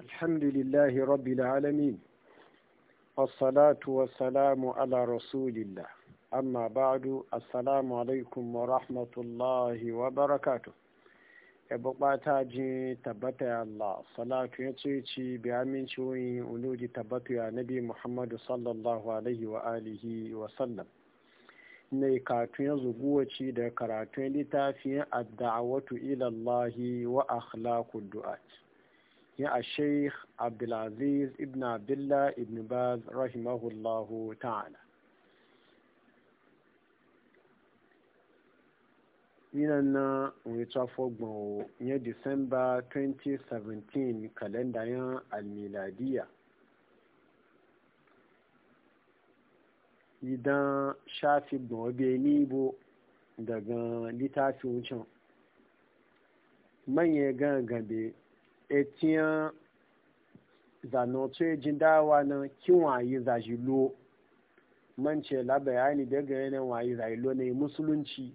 الحمد لله رب العالمين والصلاة والسلام على رسول الله أما بعد السلام عليكم ورحمة الله وبركاته ta ji tabbata ya Allah salatu ya ce ci bi amincin uluji tabbatu ya nabi Muhammadu sallallahu alaihi wa alihi wa sallam ne katun ya zuguwaci da karatun littafin adda'awatu ila Allah wa akhlaqud du'at ni a sheikh abdulaziz ibn abdullah ibn baz rahimahullahu ta'ala yinan na wita fogbon ya disamba 2017 kalenda yan almiladiya idan shafi ni bo daga littafin can. manya gan gabe etiyan zanen tsoye jin dawa na za zaji lo mance labayani daga yanayin za zaji lo na musulunci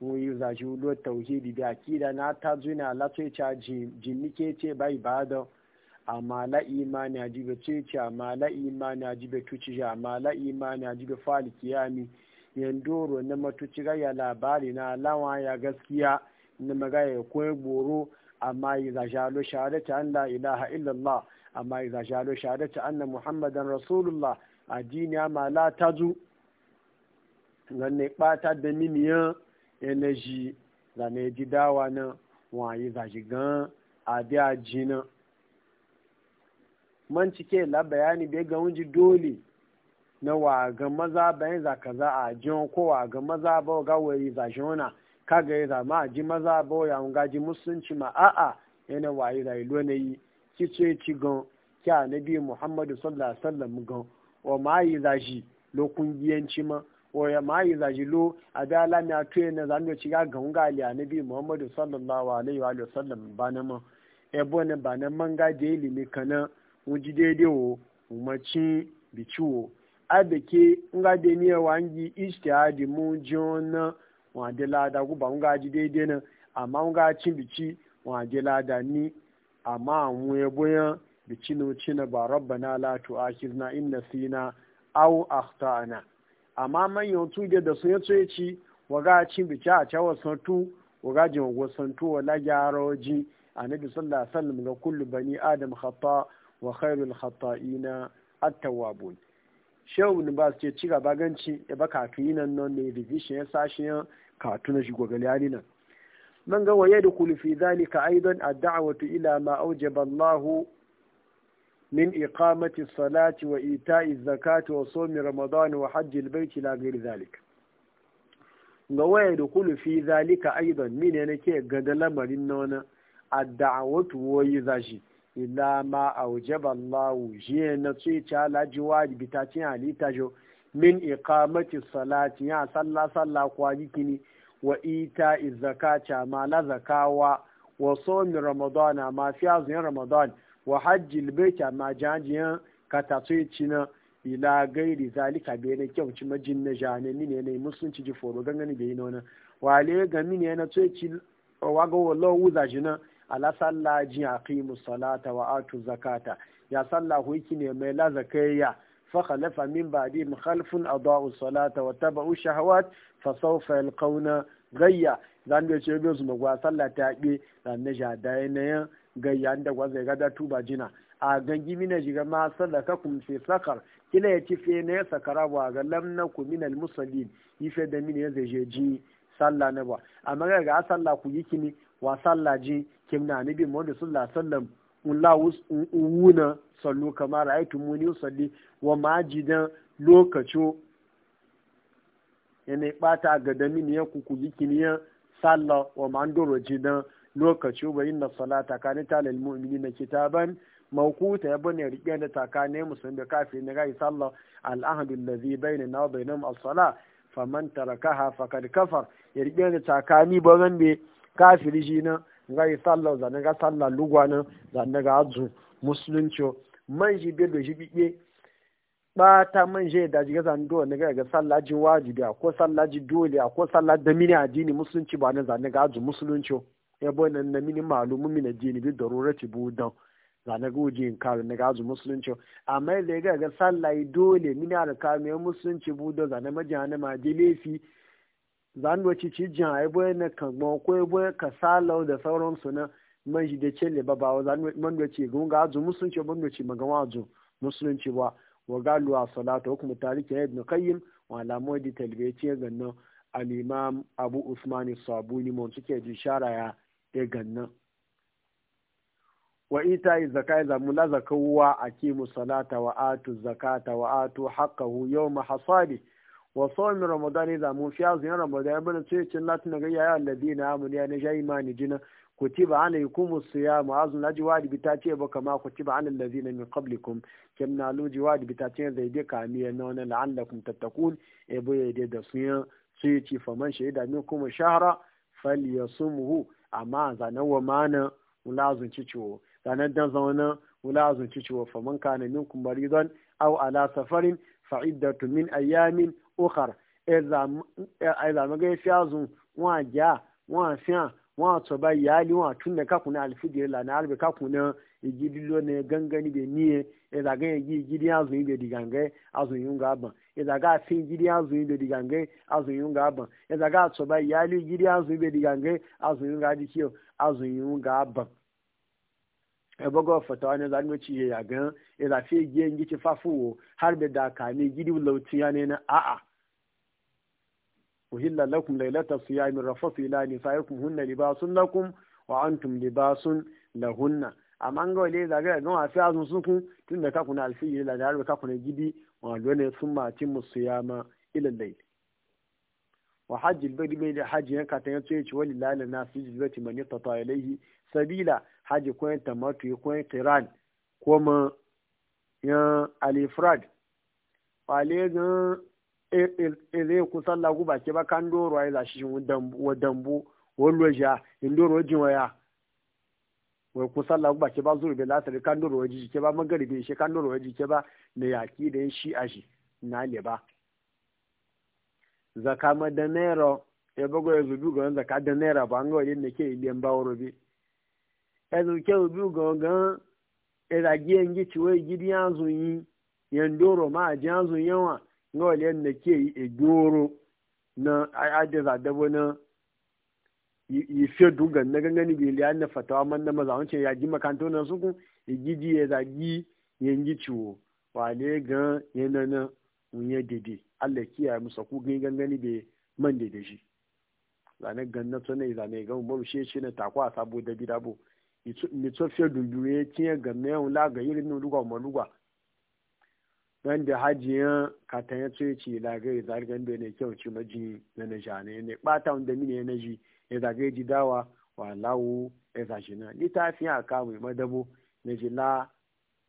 za zaji lo tauhidi da akida na ta zuna latsoye ca jinnike ce bai bada amma la imani a jibe a ma la imani a jibe tuci ma la imani a jibe fali kiyami yandoro na matuci gaya labari na lawa ya gaskiya na magaya kwaye goro amma idza jalo shahadata an la ilaha illallah amma idza jalo shahadata anna muhammadan rasulullah addini ma la tazu ganne bata da miniyan energy da ne ji dawa na za shi gan abi jina man cike la bayani be ga wunji dole na wa ga maza bayan za kaza a jiyon ko wa ga maza ba ga za shi wana kaga yi zama ji maza bo ya hunga ji musulunci ma a'a yana waye da ilo na yi ki ce ci gan ki biyu muhammadu sallallahu alaihi wasallam gan wa ma yi zaji lo kungiyanci ma wa ya ma yi zaji lo abi alami a tuye na zan ci ga gan hunga ali biyu muhammadu sallallahu alaihi wa sallam ba na ma e bo ne ba na ga da ilimi kana mu ji daidai wo a da ke nga da ni wangi istihadi mun ji na. wọn àdé láadáa kó bá wọn gáà jí déédéé náà àmọ́ wọn gáà chin bìchí wọn àdé láadáa ní àmọ́ àwọn ẹbọ yẹn bìchí ní ochi na ba na la tu'akhidna in nasina aw akhtana amma manyan tu da sun yato ya ci waga cin a cewa santu waga jin wago wala gyaroji annabi sallallahu alaihi wasallam ga kullu bani adam khata wa khairul khata'ina at-tawwabun shehu ibn bas ce ci gaba ganci ya baka nan non ne revision ya katuna shi gwagali halina man ga waye da kulfi zalika aidan adda'awatu ila ma aujaba Allahu min iqamati salati wa ita'i zakati wa sawmi ramadan wa hajji albayt ila ghairi zalika ga waye da kulfi zalika aidan mine nake ga da lamarin nona adda'awatu wayi zashi ila ma aujaba Allahu jiya na ce ta lajiwa bitatin halita jo min iqamati salati ya salla salla kwa jikini wa ita zakata ma la zakawa wa somi ramadan ma fi azuyin ramadan wa hajji albayta ma jajiyan katatsuci na ila gairi zalika be ne kyau ci majin na jane ni ne mai musulunci ji foro gangani bai wa wale ga ne na tsoye wa waga wallo wuza jina ala salla ji aqimu salata wa atu zakata ya salla ku ne mai la فخلف من بعدهم خلف أضاعوا الصلاة واتبعوا الشهوات فسوف يلقون غيا zan da ce bai su magwa sallah ta yaɓe zan na yanayin gayya da gwaza ya gada tuba jina a gangi mina shiga ma sallah ka kun sakar kila ya ci fe na ya sakara ba ga lamna ku min al musallin ife da mina ya zai ji sallah na ba amma ga sallah ku yi kini wa sallah ji kimna wuna sallu kamar mu muni salli wa majidan lokaco yana bata ga damin ya kuku jikiniya sallah wa mandoro jidan lokaci ba inna salata kana ta lil mu'minina kitaban mawquta ya bane rike da takane musulmi da kafin na gai sallah al ahd allazi bainana wa bainahum as sala faman tarakaha faqad kafar ya rike da takani ba zan be kafiri shi na nga yi sallah zane ga sallah lugwanin zane ga azu musulunci manji shi bai shi biɓe ba ta manje da jiga zane dole na ga sallah ji wajibi a ko sallah ji dole a ko sallah da mini addini musulunci ba na zane ga azu musulunci ya bai nan na mini malumin mini addini bi da rurati bu dan zane ga uji in kare na ga azu musulunci amma da ga ga sallah dole mini alkamiyan musulunci bu dan zane majihana ma je laifi zanuwa ci ci jin a ibo na kagbo ko ibo e ka salau da sauransu na man shi da ce le ba wa zanuwa manuwa ci gun ga azu musulunci ba manuwa ci magama azu musulunci ba wa galu a salata ko kuma tarihi ibn qayyim wa alamu di talbiyaci ga nan al-imam abu usman sabuni mun suke ji shara ya e ganna wa ita zakai za mu la zakawa akimu salata wa atu zakata wa atu haqqahu yawma hasadi wa sawm ramadan idza mun fi azin ramadan bin sai cin latin ga ya alladina amanu ya ne jai imani jina kutiba alaykum as-siyam azun laji wadi bitace ba kama kutiba alal ladina min qablikum kam na luji wadi bitace zai de kamiya nona la'allakum tattaqun e boye de da suya sai ci faman shaida min kuma shahara falyasumhu amma zanan wa mana mulazun ciwo zanan dan zauna faman kana minkum maridan aw ala safarin fa'iddatu min ayyamin ukhar ai zama ga fiya zun wa ja wa fiya wa to ba yali wa tun da ka kuna alfijir la na albe ka kuna igidilo ne gangani be niye e da ga yi gidi azun be digange azun yunga ban e ga fin gidi azun be digange azun yunga ban e ga to ba yali gidi azun be digange azun yunga dikiyo azun yunga ban ebogo fatawa ne zan ci ya ga ya e zafi giyan gici fafuwo har da daka ne gidi lauti ya ne na a'a uhilla lakum lailata siyami rafasu ila nisaikum hunna libasun lakum wa antum libasun lahunna amma ga wale zaga ga wa fi azun sunku tun da kakuna alfiyi la da harbe kakuna gidi wa ne sun matin musuyama ila layl wa hajji bari bai da hajji yanka ta yace walillahi lana sijil bati man yatata ilayhi sabila haji kwen tamatu kwen kiran kuma yan alifrad wale zan e, e, e, ere ku sallah ku ke ba kan doro ai zashi wa dambu wa loja in doro jin waya wai ku sallah ku ke ba zuru bai lasari kan doro waji ke ba magaribi shi kan doro waji ke ba na yaki da shi a shi na le ba zaka ma da naira ya bago ya zubi ga zaka da naira ba an ga wani da ke iliyan bawo robe ezu ke ubi gangan irage ngi ciwe gidi yanzu yi ndoro ma aji yanzu yawa nga wale na ke egoro na adeza dabo na yi fiye dugan na gangani bi liya na fatawa man na maza wancan ya ji makanto na suku igidi ya zagi yangi ciwo wale gan yana na unye dede Allah ya musa ku gani gangani bai man dede shi zane gan na tsanai zane gan umaru shi na takwa sabo da gidabo. mitsofe dundu ya tiye game meyan laga nun lugwa ma lugwa nan da hajiyan katan ya tsoye ci lagari zargan da ne kyau ci maji na na jane ne bata wanda mini na ji ya zagaye ji dawa wa lawo ya e zashi na littafin a kamun madabo na ji la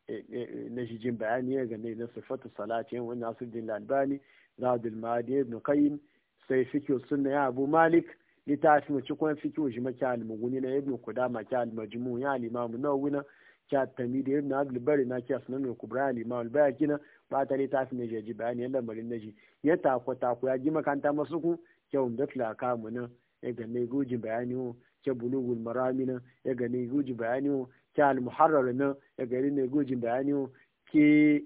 e, e, na shi jin bayani ya game na sifatu salatin wani asir din lalbani zadul mahadi ibn qayyim sai fikir sunna ya abu malik litafi wacce kuma fiki wa jima alimu guni na ibn kudama alimu jimu ya alimamu nawa na kya at-tamidi ibn abdul bari na kya asnan kubra alimamu albaya kina na ba ta litafi ne jaji bayani yalla marin naji ya tako tako ya ji makanta masu ku kya umdat la kamu na ya gane ne guji bayani wo kya bulugul marami na ya gane ne guji bayani wo kya al na ya gane ne guji bayani wo ke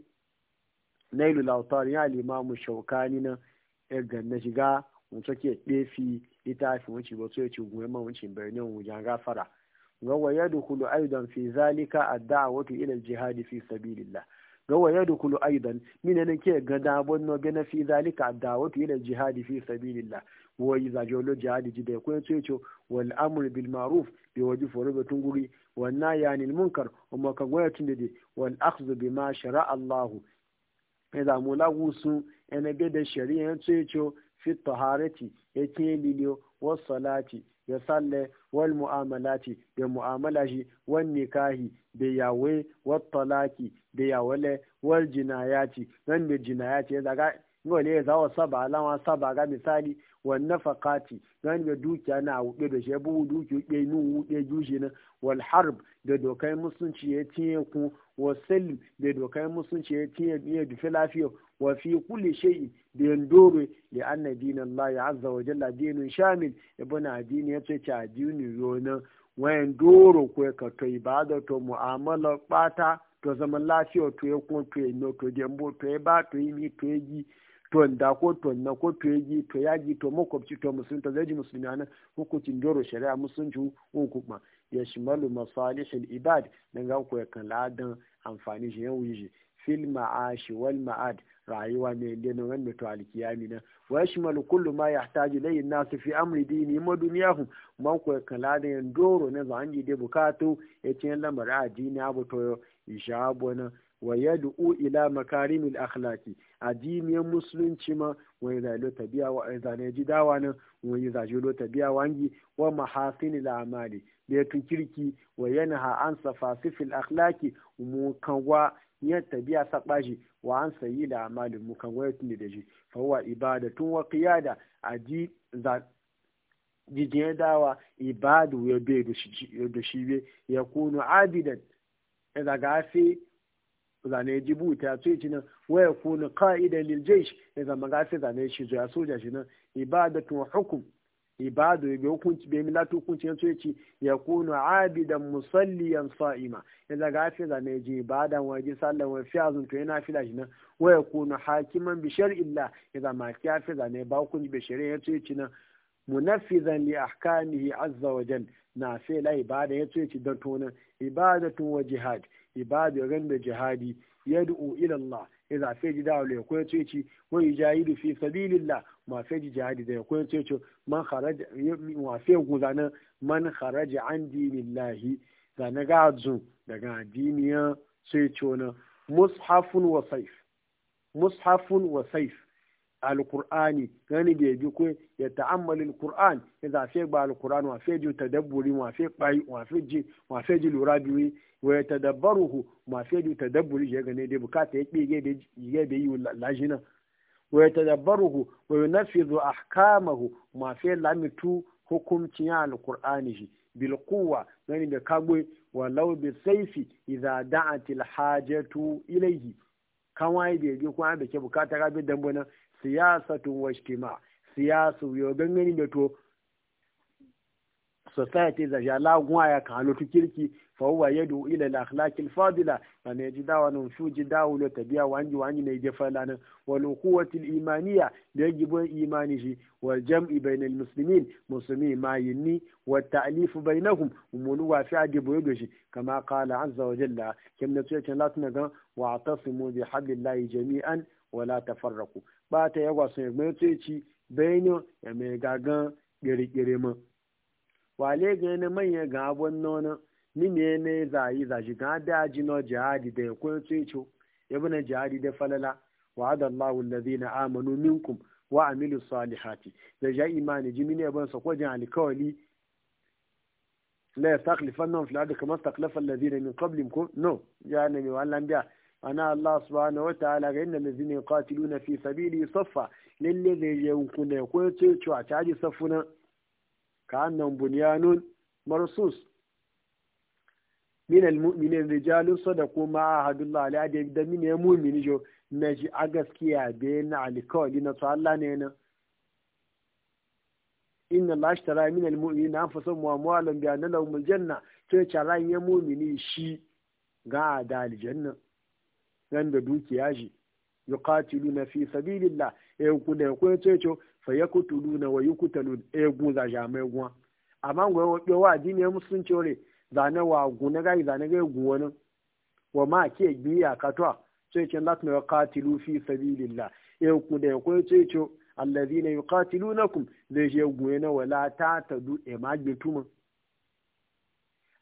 nailu lautar ya alimamu shaukani na ya gane shiga mun ke ɗefi littafin wuce ba so ya ce man wuce birnin wujan gafara ga waya dukulu aidan fi zalika ad-da'watu ila al-jihad fi sabilillah ga waya Kulu aidan mina ne ke ga dabon no ga fi zalika ad-da'watu ila al-jihad fi sabilillah wa iza jolo jihad ji da ko ce yace wal amr bil ma'ruf bi waji furubatun guri wan nahyani al munkar umma ka goya tun de wal akhdhu bima shara'a Allah idan mulagusu ene ga da shari'a yace yace fi taharati ya ke wasu salati ya salle wal mu'amalati da mu'amala shi wal nikahi da yawe wal talaki da yawale wal jinayati wanda da jinayati ya zaga ngole ya zawo saba alama saba ga misali wan nafaqati gani da dukiya na wuɗe da shebu bu duki wuɗe nu wuɗe juji na wal harb da dokai musulunci ya tiye ku wa salim da dokai musulunci ya tiye ya dufi lafiya wa fi kulli shay'in da yandore li anna dinallahi azza wa jalla dinun shamil ibn adini yace ta dinu yona wayan doro ko ka to ibada to mu'amala bata to zaman lafiya to ya kuma to ya to dembo to ya ba to yi to ya tonda ko tonna ko toyegi to yaji to makwabci to musulmi to zai musulmi a nan hukuncin doro shari'a musulunci hukuma ya shimalu masalihin ibad dan ga ku kan ladan amfani shi yau yi fil ma'ashi wal ma'ad rayuwa ne da nan wani mutu alkiyami na wa ya malu kullum ma ya ji layin nasu fi amri dini ma duniyahum ma ku kan yan doro ne zanji da bukatu ya ce a addini abu to ishabu na wa yad'u ila makarimil akhlaqi addinin musulunci ma wa lo tabiya wa zane jidawa nan wa yadalo tabiya wangi wa mahasinil amali da kirki wa yanha an safasifil akhlaqi mu kanwa ya tabiya sabaji wa an sayi da amali mu kanwa ya tunde da fa huwa ibadatun wa qiyada aji jijiyar dawa ibadu ya bai da shi ya kunu abidan daga fi zane jibu ta tsaye ci nan waya kuna ka'idan lil ya zama ga sai zane shi zuwa soja shi nan tun hukum ibadu bi hukunci bi milatu hukunci ya tsaye ci ya kuna abidan musalliyan sa'ima ya zaga sai zane ji ibadan waje sallan wa fiyazun to yana fila shi nan waya kuna hakiman bishar illa ya zama ya fi zane ba kunci bi ya tsaye ci nan munafizan li ahkamihi azza wa jal na sai la ibada ya tsaye ci don tonan tun wa jihad ibadu ran da jihadi yad'u ila Allah idza faji da ya koyo ceci wa yujahidu fi sabilillah ma faji jihadi da ya koyo ceci man kharaja wa fe guzana man kharaja an dinillahi da daga diniya ceci na mushafun wa saif mushafun wa saif alkur'ani gani da yaji ko ya ta'ammali alkur'an idan zafe ba alkur'an wa fe ji tadabburi wa fe bai wa fe ji wa fe ji lura biyu wa ya tadabbaruhu ma fe ji tadabburi ya gane da bukata ya kige da ya da yi lajina wa ya tadabbaruhu wa yunafidhu ahkamahu ma fe lamitu hukumci ya alkur'ani shi bil quwwa gani da kagwe wa law bi saifi idan da'at al hajatu ilayhi kan waye da yaji ko an da ke bukata ga bi dambona siyasatun wa ijtima siyasu yo gangani da to society da ya gwa ya kalo tu kirki fa huwa yadu ila al akhlaq al fadila fa ne ji dawa nun shu ji dawo lo tabiya wanji wanji ne je falana wal quwwat al imaniya da yajibu imani shi wal jam'i bayna al muslimin muslimi ma yinni wa ta'lif bainahum umulu wa fi ajibu yado shi kama qala azza wa jalla kim na tuya tan ga wa atasimu bi hablillahi jami'an wala tafarraqu bata ya gwasan ya gbayo tsaye ci bayanin ya mai gagan gere-gere ma wale ga yana manyan ga abun nona mini ne na yi za shi ga da ji no jihadi da ya koyo tsaye ci ya bi na jihadi da falala wa adallahu allazina amanu minkum wa amilu salihati da ja imani ji mini ban sa ko jin alkawali la yastakhlifanna fil kamar kama istakhlafa allazina min ko no ya ne mi wallan biya ana Allah subhanahu wa ta'ala ga inda lazina na fi sabili saffa lalle zai je kuna ko ce cewa caji safuna ka annan bunyanun marsus min al-mu'minin rijalun kuma ma ahadullah alaihi da min ya mu'mini jo na ji a gaskiya be na alkawali na tsalla ne na inna Allah ashtara min almu'minina son wa amwalahum bi anna lahum janna to ya mu'mini shi ga da aljanna nan da dukiya ji yuqatiluna fi sabilillah e ku da ku cecho fa yaqtuluna wa yuqtalun e eh, gu za mai guwa amma go yo wa dini musulunci ore zane wa gu na gai zane ga gu wani wa ma ke biya katwa na latin yuqatilu fi sabilillah e ku da ku cecho alladhina yuqatilunakum zai je gu na wala ta du e ma gituma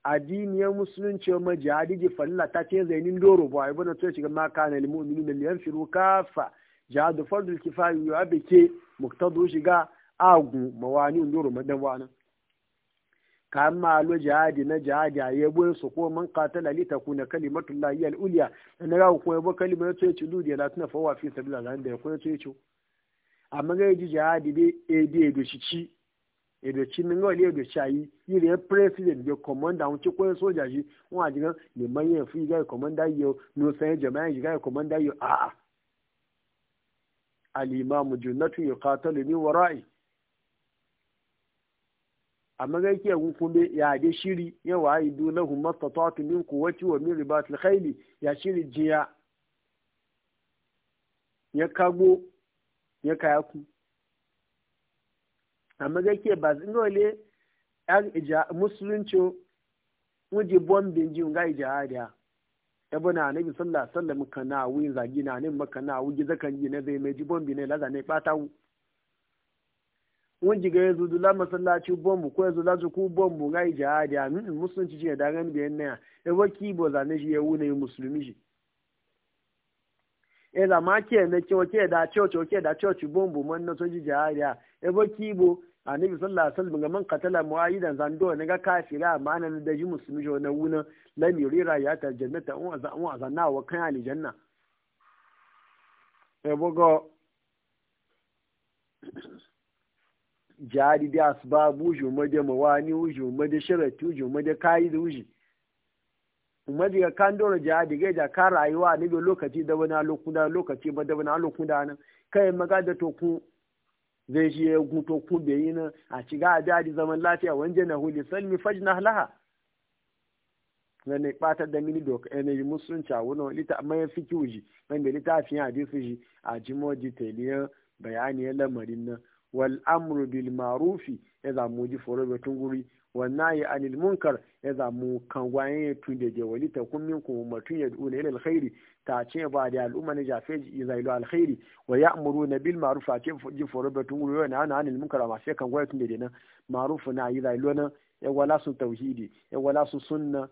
addiniyar musulunci ma jihadi ji falla ta ce zainin doro ba bane tuwa shiga na kana lil da liyan yanfiru kafa jihadu fardul kifayu ya bike muktadu shiga agu mawani doro madan wana kama lo jihadi na jihadi a yabo su ko man qatala li kalimatun kalimatullahi al'uliya da na ga ko yabo kalimatun tuwa ci dudi la tuna fawa fi sabila zan da kuna tuwa ci amma ga ji jihadi be e shi ci edochi min ga waliyo dochi ayi yiri president bi komanda un ci koyo soja ji un a jigan le manye fi ga komanda yo no sai jama'a ji ga komanda yo a a al imam junnatu yuqatalu min wara'i amma ga náà kun ya de shiri ya wayi du lahum mastata'tu min quwwati wa min ribatil khayli ya shiri jiya ya kago ya kayaku amma gake ba zingole musulunci wuji bombin ji nga ijihadiya ebe na anabi alaihi wasallam kana wi zagi na nin maka na wuji zakan yi na zai mai ji bombi ne laza ne bata wu wuji ga yanzu dula masallaci bombu ko yanzu lazu ku bombu ga ijihadiya min musulunci ji da gan biyan na ebe kibo ne shi ya wune musulmi ji e zama ke na ke da church ke da church bombu man na soji jihadiya ebo kibo annabi sallallahu alaihi wasallam ga man qatala muayidan zando ne ga kafira amana da ji musulmi jo na wuna mi rira ya ta jannata un azan un na wa kan ali janna ebo go jadi da asbabu ju made mawani ju made sharatu ju made kaidu ju umadi ga kan dora jadi ga da ka rayuwa ne lokaci da wani lokuda lokaci ba da wani lokuda nan kai maga da to ku zai shi ya guto ko bai yi nan a shiga a daji zaman lafiya wanje na huli salmi fajna laha ne batar da mini doka yanayi musulunci a wani lita amma ya fi kiwuji man da littafin hadisi shi a jimoji taliyar bayaniyar lamarin nan wal amru bil marufi ya zamu ji foro batun guri والنهي عن المنكر اذا إذا مكوانين ولي تكون منكم أمة يدعون الى الخير تاتي بعد الأمة نجافج اذا الى الخير ويامرون بالمعروف أتي فربة وينهون عن المنكر ما شيء كان تندجنا معروفنا إذا إلونا ولا سن توحيدي ولا سن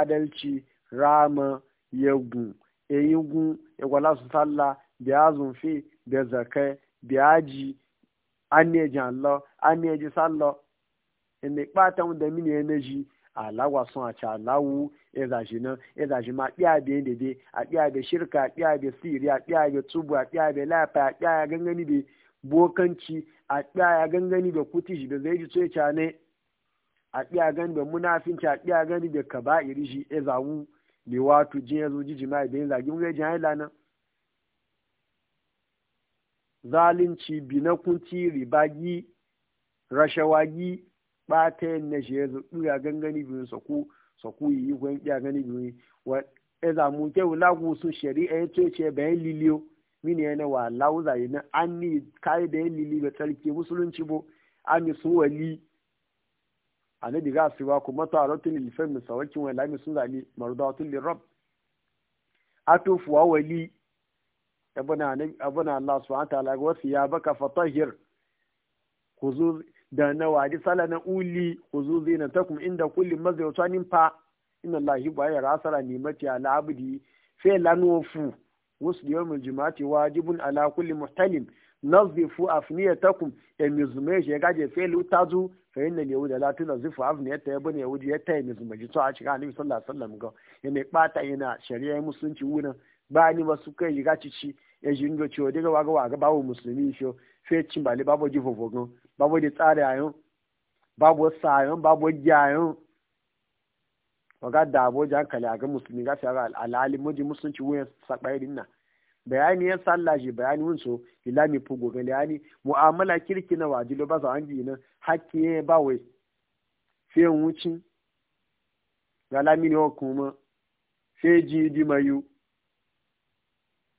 adalci rama yagun eyingun wala su sallah biya zunfi biya zakai biya ji an ne ji Allah an ne ji sallah ene kpata da mini energy alawa sun a calawu ya zashi nan ya zashi ma ɗiya biye da dai a ɗiya da shirka a ɗiya da siri a ɗiya da tubu a ɗiya da lafa a ɗiya ya gangani da bokanci a ɗiya ya gangani da kutish da zai ji tsoye cane a ɗiya gani da munafinci a ɗiya gani da kaba'iri shi ya zawu da watu jin ya zo jiji ma da yin zagi mun gajin haila nan zalunci binakunci ribagi rashawagi ɓata yin na shi ya ya gangani biyu saku saku yi kwan ya gani biyu wa eza mu ke wula su shari'a ya ce ce bayan liliyo mini yana wa lauza yi na an ni kayi bayan lili ba tsarki musulunci bo an yi su wali a na diga su ba kuma rotun lilifin musawakin wani lami sun zali marudatun lirab a fuwa wali abuna Allah subhanahu wa ta wasu ya baka fatahir ku zo da na wadi sala na uli uzuzi na kuma inda kulli mazi wata fa inna lahi ba ya rasara nimati ala abdi fe lanofu wasu da yawon jimati wajibun ala kulli muhtalim nazifu ya mizume shi ya gaje fe lutazu fa inna yahuda la tunazifu afniyata yabun yahudi ya ta mizume ji to a cikin annabi sallallahu alaihi ga ga mai bata yana shari'a musulunci wunan ba ni wasu kai yi cici ci ya jingo ciwo daga waga ga bawo musulmi shi fe cin bale babo jifofo gan babu wani tsari yau babu yau babu gyayon waga da aboji kalli a ga musulmi ga a al'ali maji musulunci wuyan sakairin na bayani ya sallah shi bayani wun so ilami fugo ga bayani mu'amala kirki na wajilo ba za an ji haƙƙi hakki ya ba wai fiye wucin ga lamini wa kuma fiye ji di mayu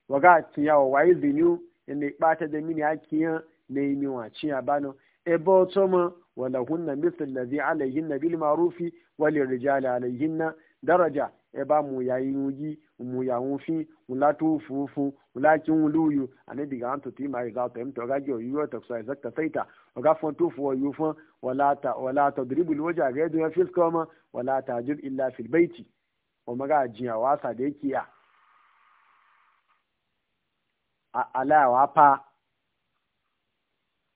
waga tiyawa yi zinu inda ya bata da mini hakki ya na yi miwa ciya bano ebo ma wala hunna misl ladhi alayhinna bil ma'rufi wal rijali na daraja e ba mu yayi yuji mu ya fi mu la tu fufu mu la kin luyu ani diga an ti ma ga to to ga jo yo to sai zakka saita ga fon tu fu yu fon wala ta wala ta dribul waja ga do fil koma wala ta jib illa fil baiti o maga jiya wasa de kiya ya ala wa fa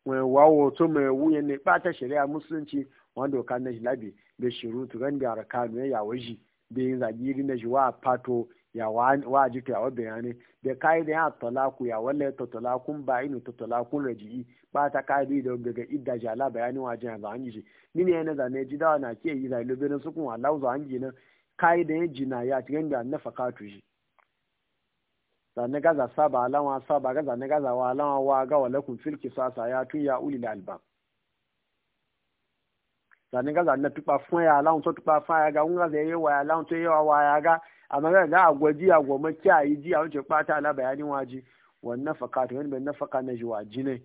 wọn wawo to mai wuyan ne bata shari'ar musulunci wanda ka na labi da shiru to ran da rakanu ya waji da yin zagiri na shi wa fato ya wa jika ya wadda ya ne da kai da ya talaku ya walla ba raji'i ba ta da daga idda ala bayanin wajen ya ni ne na zane ji dawa na ke yi zai lobe na sukun Allah zan yi nan da zane gaza saba alawa saba ga zane gaza wa alawa wa ga wa lakum fil qisasa ya tu ya ulil albab zane gaza na tupa fun ya alawa to tupa fa ya ga un ga ye wa alawa to ye wa ya ga amma ga ga agwaji agwoma ki ayi ji a wuce pata ala bayani waji wannan fakatu wani bai nafaka na jiwa jinai.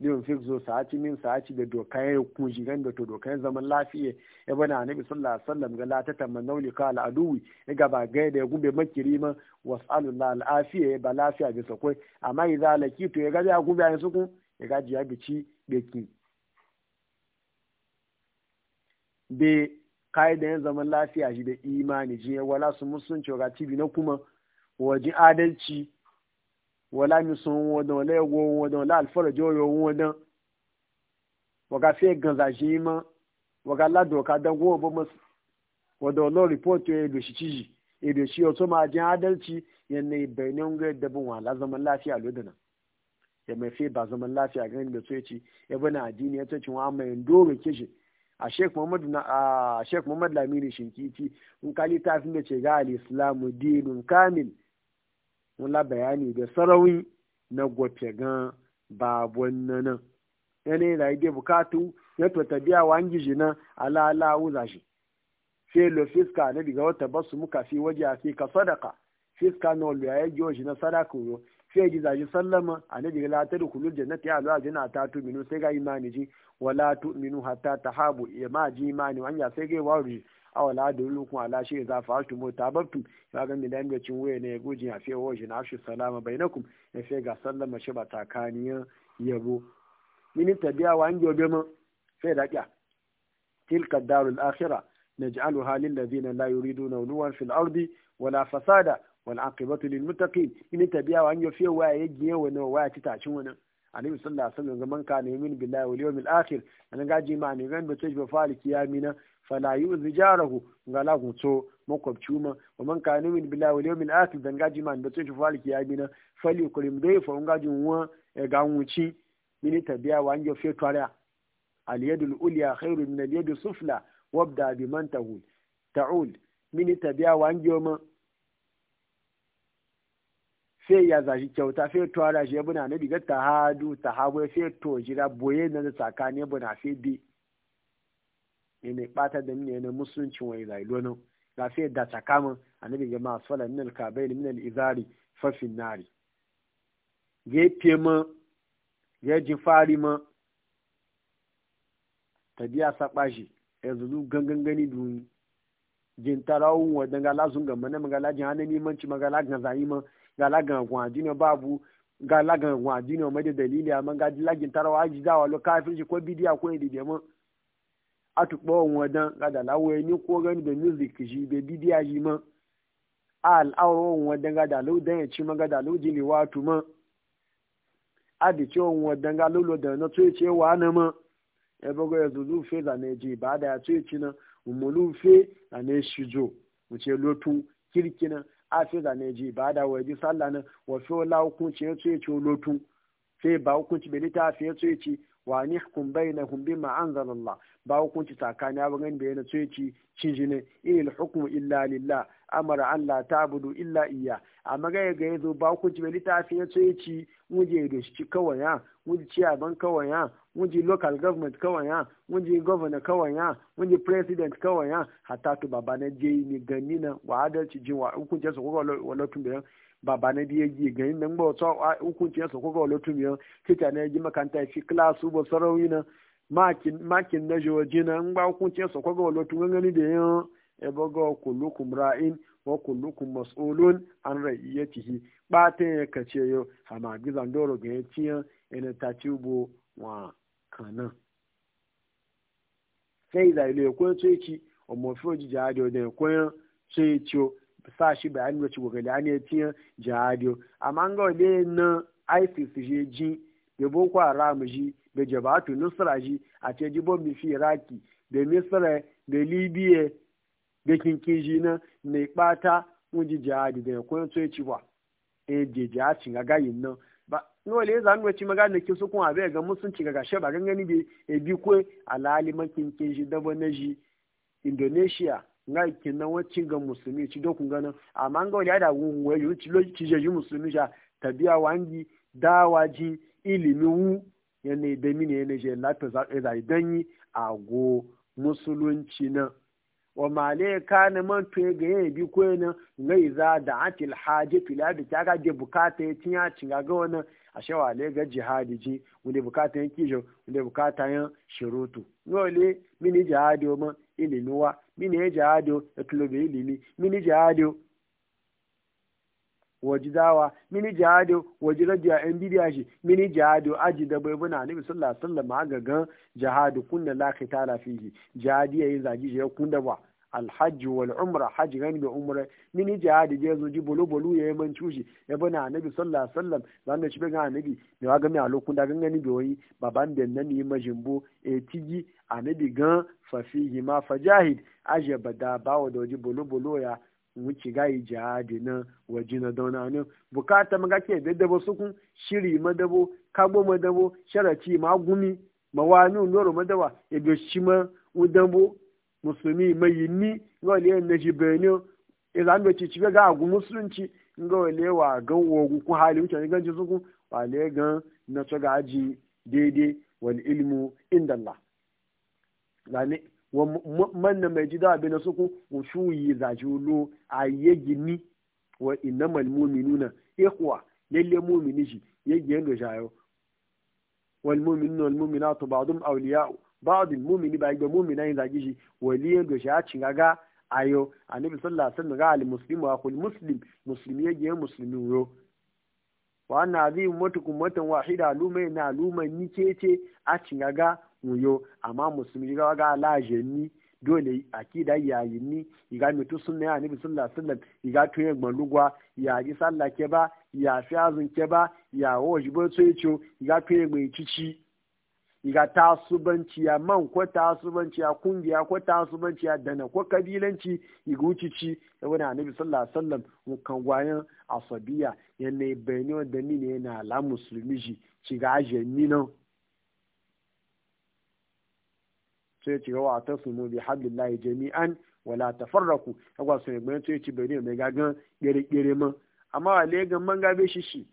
liyon fi zo sa'aci min sa'aci da dokan ya shigan da to dokan zaman lafiya ya bana annabi sallallahu alaihi wasallam ga la tatamman nauli ka al aduwi ya gaba ga da ya gube makiri ma wasallallahu al afiya ya ba lafiya bi sakwai amma idza lakitu ya ga ya gube an suku ya gaji ya bici ki be kaidan zaman lafiya shi da imani je wala su musunci ga tibi na kuma wajen adalci wala misun wodan wala ego wodan wala alfarajo yo wodan waga fe ganza jima waga ka dan go bo mas wodan lo report e do shichiji e do shi oto ma jin adalci yanne bayanin ga dabin wala zaman lafiya lodana ya mai fe ba zaman lafiya ganin da tsoci ya bana addini ya tsoci wa mai ndoro kishi a sheikh muhammad na a fi da ce ga al kamil wula bayani da sarawi na gwafe gan babon nan yanayi da yake bukatu ya to tabiya wa angiji na ala ala wuza shi lo fiska na diga wata basu muka fi waje a fi ka sadaka fiska na lo ya yi shi na sadaka a sai ji zaji sallama a na diga latar kulul jannati a jina ta tu minu sai ga imani ji wala tu minu hatta tahabu ya ma ji imani wanya sai ga wuri awala da lukun ala shi za fa tu mu ya ga mi dan gacin waye ne gujin afi wa shi na shi salama bainakum ya sai ga sallama shi ba takaniya yabo min tabiya wa an gobe ma sai da kya tilka darul akhirah naj'aluha lil ladina la yuriduna ulwan fil ardi wala fasada wal aqibatu lil muttaqin min tabiya wa an gobe ya giye wani waya tacin wani annabi sallallahu alaihi wasallam zaman ka ne min billahi wal yawmil akhir an gaji ma ne ran bace ba fali kiyamina fala uzi jarahu ngala gutso makwabci ma wa man kana min billahi wal yawmil akhir dan gaji man da tsoci fali ki na fali mu dai fa ngaji wa e ga wuci mini tabiya wa anjo fe twara al yadul ulya khairu min al sufla wabda bi man tahul ta'ul mini tabiya wa anjo ma sai ya zaji kyauta sai da shi buna na diga tahadu tahabu sai to jira boye na tsakani buna sai biyu yana bata da mini yana musuluncin wani rayuwa nan lafiyar da ta kama annabi ga masu fala minal kabai minal izari fafin nari gefe ma ya ji fari ma tabiya saba shi ya zuzu gangan gani duni jin tarawun wa ga gala sun gamba na magala jin hannun nemanci magala gan zayi ma gala gan gwaji na babu gala gan gwaji na mai da dalili amma ga lagin tarawa aji dawa lo kafin shi ko bidiya ko yadda ma atukpawan wadan gada lawaye ni ko gani da music ji da bidiya ji ma awɔ al'awarwan dan gada lau dan ya ci ma gada lau wa tu ma a da cewan wadan ga lolo dan na tsoye ce wa na ma ya e bago ya zuzu fe da na ji ba da ya tsoye ci na umulu fe da na shi jo mu ce lotu kirki na afe fe na ji ba da wa ji sallah na wa fe wala hukunci ya tsoye ci lotu fe ba hukunci bai ta afe ya tsoye ci wa ni nihkum bainahum bima anzalallah ba hukunci tsakani abin gani bayyana na ci cin jini ne il hukum illa lillah amara an la tabudu illa iya amma ga ga yazo ba hukunci bai litafi ya sai muje da shi kawai ya muje ci aban kawai ya muje local government kawai ya muje governor kawai ya muje president kawai ya hatta to baba na je ni ganina wa adalci jin wa hukunci su ko wala tun bayan baba na biye ji gani nan ba to hukunci ya sako ga lotum ya kita na ji makanta fi class ba sarawi na makin makin na joji na ba hukunci ya sako ga lotum gani da ya e bago kullukum ra'in wa kullukum mas'ulun an ra'iyatihi ba ta ya kace yo hama gizan doro ga ya ina ta tubo wa kanan sai da ile ko ce ci o mo fi ojija ajo da ko yan ce ci sa shi bayani wacce gogali an yi tiyan jihadiyo amma an gawa ne na isis shi ji da boko haram shi da jabatu nusra shi a ce jibo mifi iraki da misra da libya da kinkiji na mai bata wajen jihadi da so ya ci ba e je jihacin gayi nan ba ni wale za nuna wacce magana ki su kuma abe ga ci ga gashe ba gangani bi e bi kwe alaliman kinkiji dabo na shi indonesia nga kenan wacin ga musulmi ci dokun ganin amma nga wani ada wayo ci lo ci musulmi ja tabiya wangi dawaji ilimi wu yana da mini yana je lato za ka danyi ago musulunci na wa male e ka na man to e ga yana bi ko yana ngai za da atil haji fila da ta ga de e bukata ya tinya cinga ga wannan a shawa le ga jihadi ji wani bukata yan kijo wani bukata yan shirutu ngole mini jihadi o ma ilimi wa mini ya jihadi ya tulobe ilimi mini jihadi waji dawa mini jihadi waji rajiya yan bidiya shi mini jihadi aji da bai buna nabi sallallahu alaihi wasallam aga gan jihadu kunna la qitala fihi jihadi yayin zagi ya kunda ba الحج والعمرة umra غني بعمرة da umra mini jihadi je بلو ji bolo bolo yayi man cushi ya buna nabi sallallahu alaihi wasallam zan da shi ga nabi da ga mi a lokun da gangani bi baban da anabi gan fafihi ma fajahid aje bada bawo da waje bolo bolo ya wuce gayi jihadi na waje na dauna ne bukata maga ke bai dabo sukun shiri madabo kago madabo sharaci ma gumi mawani noro madawa ebe shi ma udambo musulmi mai yinni ngole yan naji benin ilan da ci ga agu musulunci ngole wa gan wogu ku hali wuce gan ji sukun wale gan na tsoga aji daidai wal ilmu inda manna mai ji dabe na suku ushuyi wulo a yi gini wa ina malmumi nuna ikuwa lalle mumini shi yegi yanga shayo wal muminu wal muminatu ba'dum awliya ba'dum mumini ba ga mumina yin zagi shi wali yanga shaya gaga ayo a sallallahu sallasan wasallam ga al muslim wa kul muslim ya yegi muslimi ro wa anna zai mutukun matan wahida lumai na lumai ni kece a cin gaga uyo amma musulmi ga ga laje ni dole akida yayin ni iga mitu sunna ya bi sallallahu alaihi wasallam iga to tuye gbalugwa ya ji sallah ke ba ya fi azun ke ba ya woji bo so yacho iga tuye gbe chichi iga ta subanci ya man ko ta subanci ya kungiya ko ta subanci ya dana ko kabilanci iga chichi da wani annabi sallallahu alaihi wasallam kan gwayan asabiya yanne bayani da ni ne na la musulmi ji shiga ajeni nan sai ya ci gawa ta sumu bi layi jami'an wala tafarraku kwa sun gbe to ya ci bari mai gagan kere kere ma amma a ga man gabe shi shi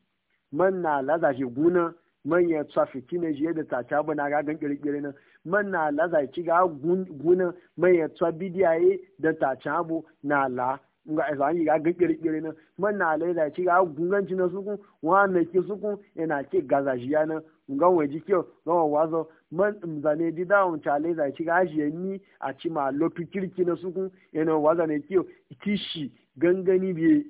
man na laza shi guna man ya tsafi kine je da tata bana gagan kere kere na man na laza shi ga guna man ya tsabi diyaye da tata bu na la nga ezanyi ga gikiri kiri na man na alai da chi ga gunganci na suku nwa e na ki na ina ki gazajiya na nga wa ji kiyo nga wa wazo man mzane di da on chale da chi ga nni ni ma ci ma lotu kirki na suku ina e waza ne kiyo tishi gangani bi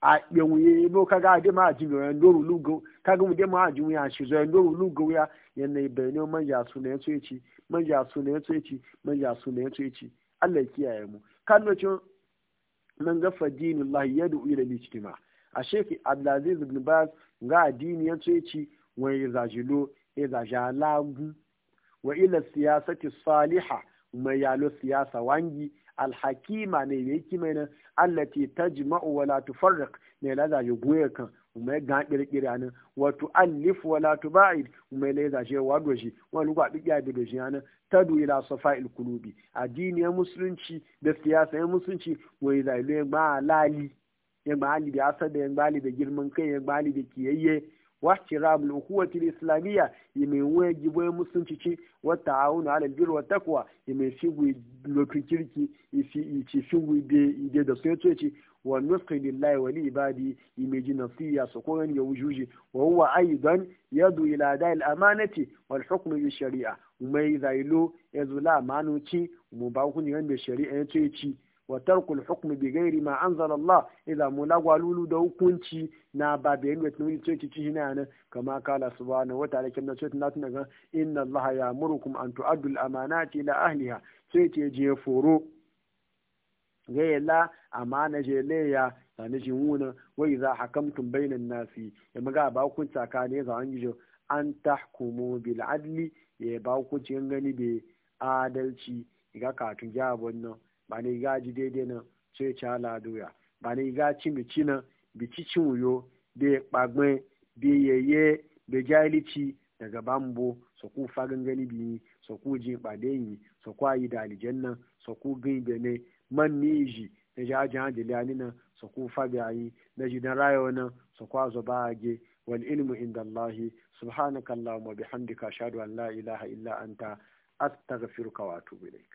a yawuye bo kaga ade ma ji ran doru lugo kaga mu de ma ji ya shi ran doru lugo ya yana ibene man ya su ne so yaci man echi su ne so yaci man ya su ne so yaci Allah kiyaye mu kan nan ga fadinin lahi ya du'u ila ma a sheki abdulaziz ibn baz ga addini ya ce ci wani zajilo ya zajalagu wa ila siyasati saliha mai yalo siyasa wangi alhakima ne mai kima na allati tajma'u wala tufarriq ne la zaji kan umai ga kirkiri anan wato alif wala tuba'id mai da zashe wa doshi wa lugwa biya da doshi anan tadu ila safa'il kulubi addini ya musulunci da siyasa ya musulunci wai zai ba lali ya ba ali da asada ya ba da girman kai ya ba da kiyayye Wa shi rabu na uku wa kiri Islamiyya ya mai wani agibai wata aho na aladurwar taku a mai fin gurin gulokin kirki ya fi cin fin gurin gya ya da su ya tso ya ciWa nuskul ibadi ya maizi na tsir a sako wani ya wujijiWa uwa ayi ban, ya da wani ada yana amanar shari'a Muma yi ezula a mu lo, ya zunila ma ana shari'a ya ci. wa tarkul hukmi bi ghairi ma anzala Allah idza mulagwa lulu da hukunci na babiyan da tuni ce ki ci hina nan kama kala subhanahu wa ta'ala kin ce tana tana ga inna Allah ya'murukum an tu'addu al-amanati ila ahliha sai ce je foro gaya la amana je leya da ni jin wuna wai za hakamtum bainan nasi ya maga ba kun tsakane za an yi an tahkumu bil adli ya ba ku cin gani be adalci ga katun jabon nan ba ne ga ji daidai nan sai ci hala doya ba ne ga ci nan bi ci cin wuyo bai kpagbe bai yeye bai jahilici daga bambo so ku fagen gani biyi so ku jin yi so ku ayi da nan so ku bin bene man ni ji na ji ajin hajjali ani na su ku fabi ayi na ji na rayuwa nan so ku azo ba age wal ilmu inda Allahi subhanakallahumma bihamdika ashhadu an la ilaha illa anta astaghfiruka wa atubu ilaik